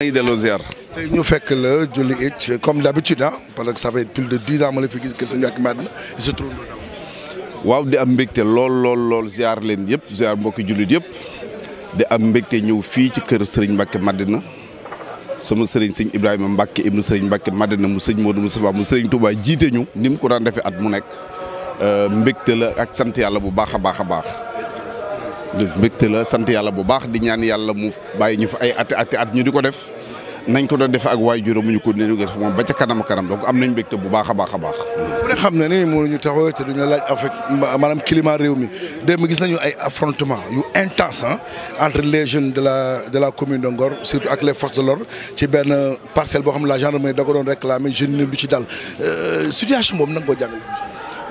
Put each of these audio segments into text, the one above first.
maa ngi delloo ziar. ñu fekk la julli it comme d'habitude ah parce que sa fait plus de dix ans ma la fi gis kër Sëñ Mbacké Madina se trouve waaw di am mbégte lool lool lool ziar leen yëpp ziar mbokki jullit yëpp di am mbégte ñëw fii ci kër Sëriñ Mbacké Madina sama sëriñ sëñ Ibrahima Mbacké ibnu Sëriñ Mbacké Madina mu sëñ mu Moustapha mu sëriñ Touba jiite ñu ni mu ko daan defee at mu nekk euh, mbégte la ak sant yàlla bu baax a baax a baax. mbégte la sant yàlla bu baax di ñaan yàlla mu bàyyi ñu fa ay ati ati at ñu di ko def nañ ko doon def ak waay juróom ñu ko néew def moom ba ca kanam kanam donc am nañ mbégte bu baax a baax a baax. ku ne xam na ne moo ñu taxaw te duñu laaj affect maanaam climat réew mi démb gis nañu ay affrontement yu intense entre les jeunes de la la commune de Ngor surtout ak les forces de ci benn parcelle boo xam la gendarmerie da ko doon réclamer jeune ni lu ci dal euh, situation boobu na nga koo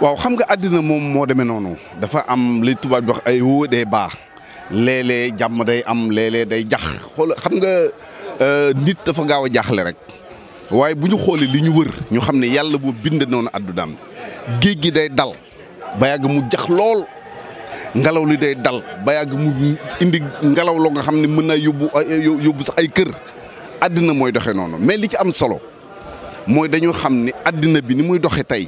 waaw xam nga àddina moom moo demee noonu dafa am li tubaab di wax ay wóo day baax léeg jàmm day am léeg day jax xool xam nga euh, nit dafa gaaw a jaxle rek waaye bu ñu xoolee li ñu wër ñu xam ne yàlla boo bind noonu àddunaam géej gi day dal ba yàgg mu jax lool ngelaw li day dal ba yàgg mu indi ngelaw loo nga xam ne mën naa yóbbu yóbbu sax ay kër addina mooy doxee noonu mais li ci am solo mooy dañu xam ni àddina bi ni muy doxee tey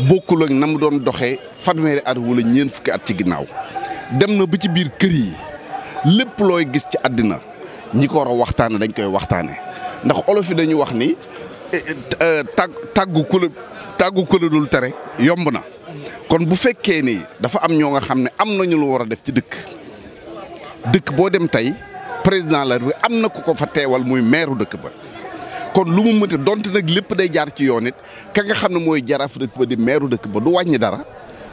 bokkul ak na mu doon doxee fanweeri at wala ñeent fukki at ci ginnaaw dem na ba ci biir kër yi lépp looy gis ci àddina ñi ko war a waxtaane dañ koy waxtaane ndax olof yi dañu wax ni eh, eh, euh, tàgg tàggu ku tàggu ku la tere yomb na kon bu fekkee ni dafa am ñoo nga xam ne am nañu lu war a def ci dëkk dëkk boo dem tey président la am na ku ko fa teewal muy meeru dëkk ba kon lu mu mënti donte nag lépp day jaar ci yoon it ka xam ne mooy jaraaf dëkk ba di meeru dëkk ba du wàññi dara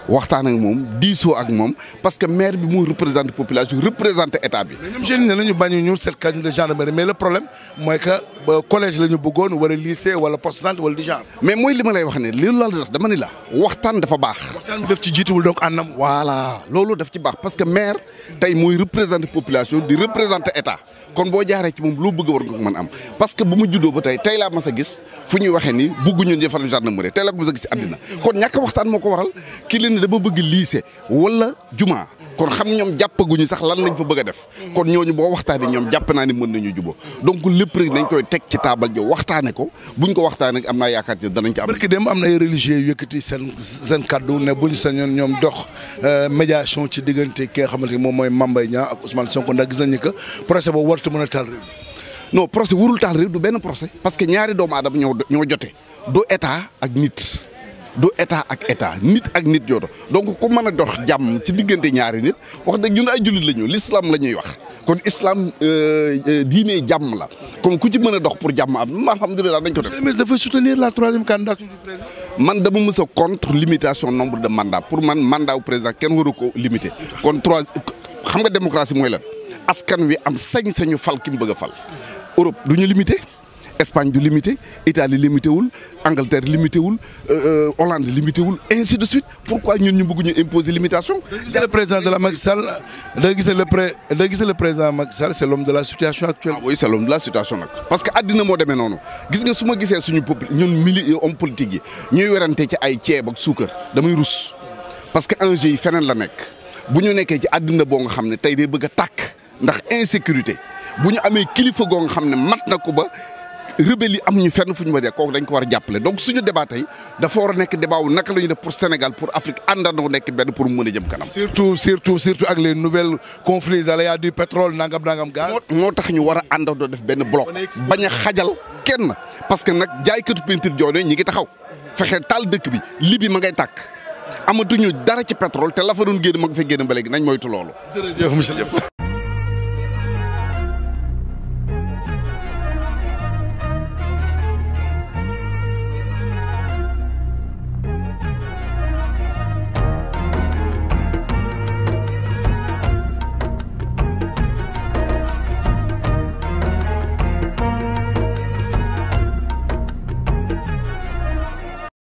waxtaan ak moom diisoo ak moom parce que maire bi mooy représente population représente état bi. mais ñoom jeunes yi ñu bañ ñu seet de gendarmerie mais le problème mooy que. ba collège la ñu bëggoon wala lycée wala poste santé wala du genre. mais mooy li wax ne li loolu la dama ni la. waxtaan dafa baax. waxtaan daf ci jiituwul donc àndam. voilà loolu daf ci baax parce que maire tey mooy représenter population di représenter état kon boo jaaree ci moom loo bëgg war nga ko mën am parce que bu mu juddoo ba tey tey laa mas a gis fu ñuy waxee ni bëgguñu njëfaram gendarmerie tey laa ko mas a gis ci àddina kon ñàkk waxtaan moo ko waral ki leen dama bëgg lycée wala jumaa kon xam ñoom jàppaguñu sax lan lañ fa bëgg a def kon ñooñu boo waxtaanee ñoom jàpp naa ni mën nañu juboo donc lépp rek dañ koy teg ci taabal jo waxtaane ko buñ ko waxtaane am naa yaakaar ci danañ ci am barki na ay religieux yëkkati seen seen kaddu ne buñ sañoon ñoom dox euh, médiation ci diggante ki nga xamante ni moom mooy Mame Mbaye Niang ak Ousmane Sonko ndax gis nañu que procès boobu warta mën a taal réew non procès wurul taal réew du benn procès parce que ñaari doomu aadama ñoo ñoo jote du état ak nit du état ak état nit ak nit yooto donc ku mën a dox jàmm ci diggante ñaari nit wax dëgg ñun ay jullit la ñu l'islam la ñuy wax kon islam euh, euh, diine jàmm la kon ku ci mën a dox pour jàmm am alhamdulilah dañ ko def. dafa soutenir la troisième candidature du président. man dama mës a contre limitation nombre de mandats pour man mandat wu président kenn waru ko limiter kon trois xam nga démocratie mooy lan askan wi am sañ-sañu fal ki mu bëgg a fal Europe du ñu limiter. Espagne du limité Italie limité wul Angleterre limité wul euh, euh, Hollande limité wul ainsi de suite pourquoi ñun ñu bëgg ñu imposer limitation. da le président de la Macky Sall da gis le pré da gis le président Macky Sall c' est de la situation actuelle. ah oui c' est l' homme de la situation nag. parce que àddina moo demee noonu gis nga su ma gisee suñu peuple ñun mili homme politique yi ñuy werante ci ay ceeb ak damay rus parce que enjeu yi feneen la nekk bu ñu nekkee ci àddina boo nga xam ne tey day bëgg a tàkk ndax insécurité bu ñu amee kilifa goo xam ne mat na ko ba. rebelle yi am ñu fenn fu ñu ma dee dañ ko war a jàppale donc suñu débat tey dafa war a nekk débat wu naka la ñu def pour Sénégal pour Afrique àndandoo nekk benn pour mu mën a jëm kanam. surtout surtout surtout ak les nouvelles conflits aléas du pétrole nangam nangam gaz. moo tax ñu war a àndandoo def benn bloc bañ a xajal kenn parce que nag jaaykatu peinture joone ñi ngi taxaw fexe taal dëkk bi li bi ma ngay tàkk amatuñu dara ci pétrole te la fa doon génn ma nga fay génn ba léegi nañ